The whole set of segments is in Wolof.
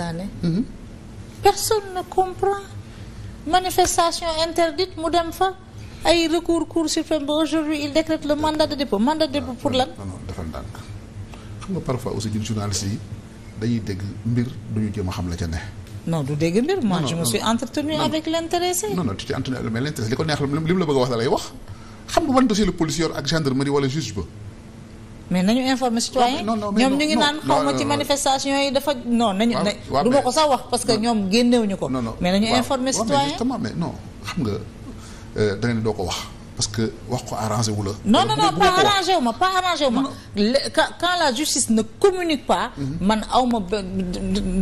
Sané mm-hmm. personne ne comprend manifestation interdite mu dem fa ay recours cour suprême ba aujourd'hui il décrète le mandat de dépôt mandat de pour lan dafa ndànk xam nga parfois aussi ñun yi dañuy dégg mbir duñu jéem a xam la ca ne non du dégg mbir moi je me suis entretenu avec l'intéressé non non tu t'es entretenu mais li ko neex li mu la bëgg a wax da lay wax xam nga ban dossier le ak gendarmerie wala juge ba mais nañu informer citoyen ñoom ñu ngi naan xaw ma ci manifestation yi dafa non nañu du ma ko sax wax parce que ñoom génnewuñu ko mais nañu informer citoyen justement mais non xam nga euh, da ngeen doo ko wax parce que wax ko arrangé wu la non non non pas arrangé ma pas arrangé wu ma quand la justice ne communique pas mhm. man aw ma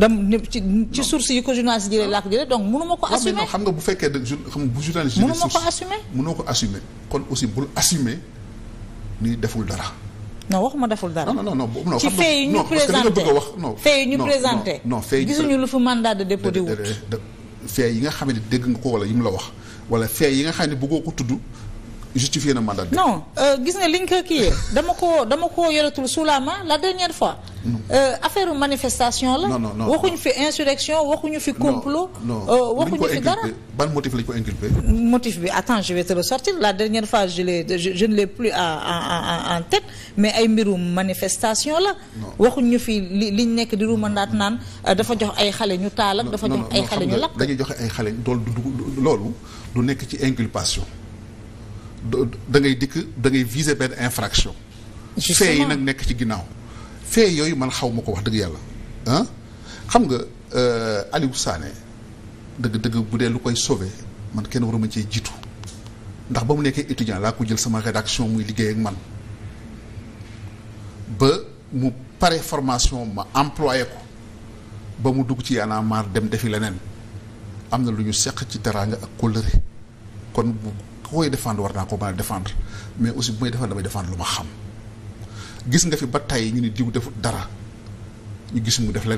dam ci ci source yi ko journaliste jëlee laa ko donc mënu ko assumer xam nga bu fekkee da xam bu journaliste mënu ma ko assumer ko assumer kon aussi bul assumer ni deful dara non waxuma deful dara. non no no non ci fee yi ñu présenté non fee yi ñu présenté. non fee gisuñu lu fi mandat de dépôt di wut. fee yi nga xam ne dégg nga ko wala yi mu la wax wala fee yi nga xam ne buggoo ko tudd justifié na mandat de dépôt. Euh, gis nga liñ ko kii dama koo dama koo yoratul sous la main la dernière fois. Euh, affaire manifestation la. non non waxuñu fi insurrection waxuñu fi complot. Euh, waxuñu fi dara ban motif lañ ko inculpé. motif bi attends je vais te le sortir la dernière fois je l'ai plus à en tête mais ay mbirum manifestation la. waxuñu fi li liñ nekk di rumandaat naan euh, dafa jox ay xale ñu taal ak. dafa jox ay xale ñu lakk dañuy joxe ay xale loolu du nekk ci inculpation. da ngay dikk da ngay viser benn infraction. fee yi nag nekk ci ginnaaw. fee yooyu man xaw ma ko wax dëgg yàlla ah xam nga euh, Aliou Sané dëgg-dëgg bu dee lu koy sauver man kenn waruma ci jiitu ndax ba mu nekkee étudiant laa ko jël sama rédaction muy liggéey ak man ba mu pare formation ma employé ko ba mu dugg ci Y'en a dem defi leneen am na lu ñu seq ci teraanga ak kóllëre kon bu koy défendre war naa ko mën a défendre mais aussi bu may défendre damay défendre lu ma xam gis nga fi ba tey ñu ni diw defut dara ñu gis mu def leneen